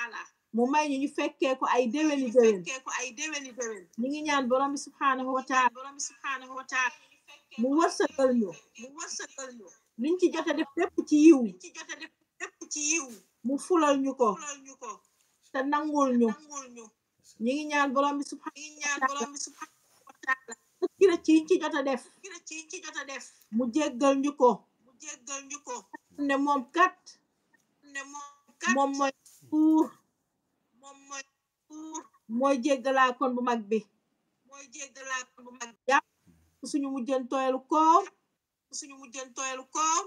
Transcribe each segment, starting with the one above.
taala mu may ñu ñu fekkee ay déwéni déwén ko ay déwéni déwén ñu ngi ñaan borom bi subhaanahu wa taala borom bi subhaanahu wa taala mu wërsëgal ñu ñu liñ ci jot a def lépp ci yiw ci jot a ci yiw mu fulal ñu ko te nango ñu ñu ngi ñaan borom bi subhaanahu wa taala ci rëcc yiñ a def ci ci jot a def mu jéggal ñu ko mu jéggal ñu ko moom kat moom mooy buur moom mooy buur mooy jéggalaa bu mag bi mooy jéggalaa bu mag bi yàlla suñu mujjantooyelu koor suñu mujjantooyelu koor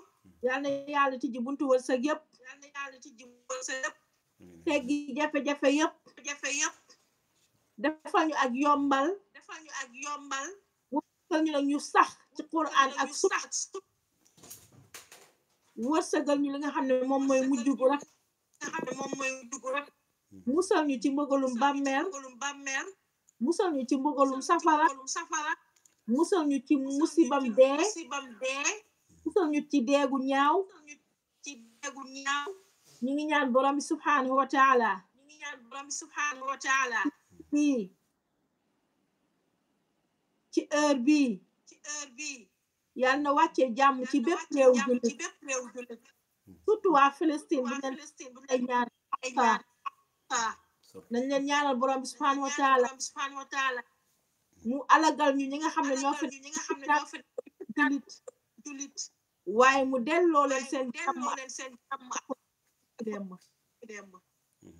yàlla na yàlla tijji buntu wërsëg yëpp yàlla na yàlla wërsëg yëpp teggi jafe-jafe yëpp jafe yëpp defal ñu ak yombal defal ñu ak yombal wërsëgal ñu nag ñu sax ci quran ak sunna wërsëgal ñu li nga xam ne moom mooy mujj gu rafet nga xam ci mbëggalum bàmmeel musal ñu ci mbëggalum safara musal ñu ci musibam dee musal ñu ci deegu ñaaw ñu ngi ñaan borom bi subhaanahu wa taala fii ci heure bii yàlla na wàccee jàmm ci bépp réew jullit surtout waa Palestine bu leen Palestine bu leen ñaan nañ leen ñaanal borom bi subhanahu wa taala subhanahu wa taala alagal ñu ñi nga xam ne ñoo ñi nga xam ne ñoo fi julit julit waaye mu delloo leen seen delloo leen seen jàmm dem dem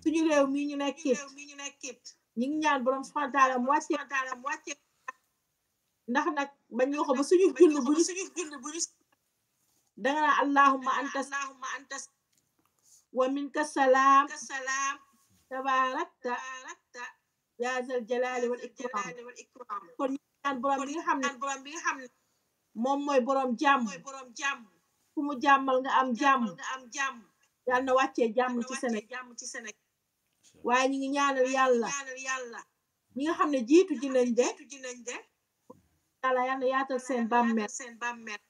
suñu réew mii ñu nekkit mi ñu nekkit ñi ngi ñaan borom subhanahu wa taala mu wàccee mu wàccee ndax nag bañ ñu ko ba suñu jull bu ñu danga naa allahumma anta allahumma anta wa minka salaam tabaarakta yaa zal jalaali wal ikraam kon ñu bi nga xam ne moom mooy borom jàmm fu mu jàmmal nga am jàmm yal na wàccee jàmm ci Sénégal waaye ñu ngi ñaanal yàlla ñi nga xam ne jiitu ji nañ de yàlla yal na yaatal seen bàmmeel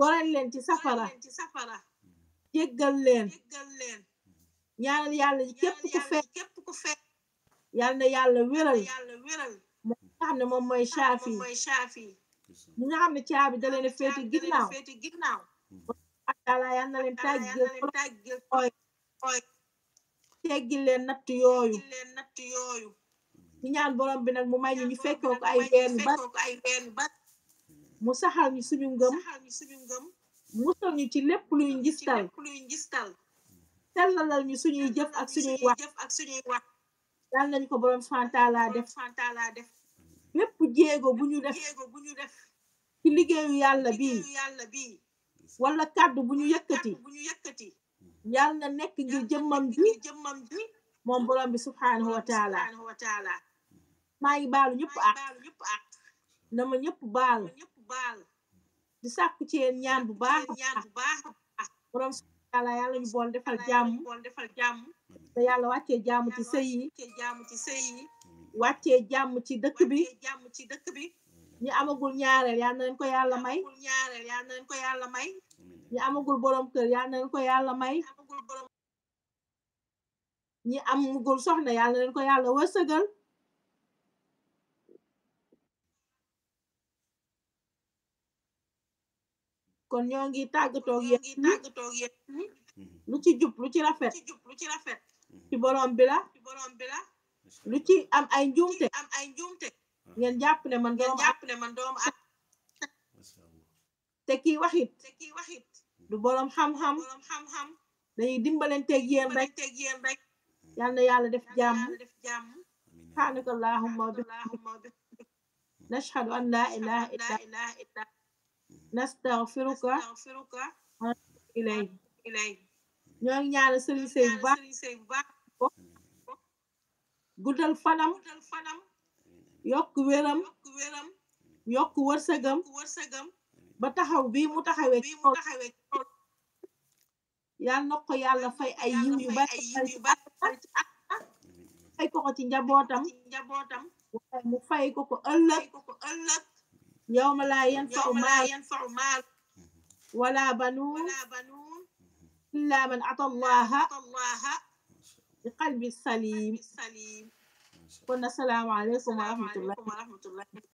waral leen ci safara jéggal leen ñaanal yàlla képp ku fekk yàlla na yàlla wéral moom nga xam moom mooy saafi ñi nga xam ne caabi da leen féeti ginnaaw yàlla yàlla na leen tàggil ooy teggi leen natt yooyu ñu ñaan borom bi nag mu may ñu ñu ay weer yu bari mu saxal ñu suñu ngëm musal ñu ci lépp luy ngistal sellalal ñu suñuy jëf ak suñuy wax yàlla nañ ko boroom fantala def lépp jeego bu ñu def ci liggéeyu yàlla bi wala kàddu bu ñu yëkkati yàlla na nekk ngir jëmmam ji moom boroom bi subhaanahu wa taala maa ngi baalu ñëpp ak na ma baalu baal di sàkku ci yéen ñaan bu baax ñaan bu baax borom yàlla yàlla ñu bool defal jàmm defal jàmm te yàlla wàccee jàmm ci sëy yi jàmm ci sëy yi wàccee jàmm ci dëkk bi jàmm ci dëkk bi ñu amagul ñaareel yal na ko yàlla may ñaareel yal na leen ko yàlla may ñu amagul borom kër yal na leen ko yàlla may ñi amagul soxna yal na leen ko yàlla wërsëgal kon ñoo ngi tàggatoog yéen ngi tàggatoog yéen lu ci jub lu ci rafet lu ci rafet ci borom bi la ci bi la lu ci am ay njuumte am ay njuumte ngeen jàpp ne man doom jàpp man doom ak te kii waxit te waxit du borom xam-xam borom xam-xam dañuy dimbalanteeg rek teeg yéen rek yal na yàlla def jàmm def jàmm subhaanaka allahumma wa bihamdik nashhadu an la ilaha illa nastaghfiruka wa ilayk ñoo ngi ñaanal Serigne Seye bu baax guddal fanam yokk wéram yokk wërsëgam ba taxaw bii mu taxawee ci kaw yal na ko yàlla fay ay yiw yu bari ci at ci njabootam waaye mu fay ko ko يوم لا ينفع مال ولا بنون إلا من أعطى الله بقلب سليم قلنا السلام عليكم ورحمة الله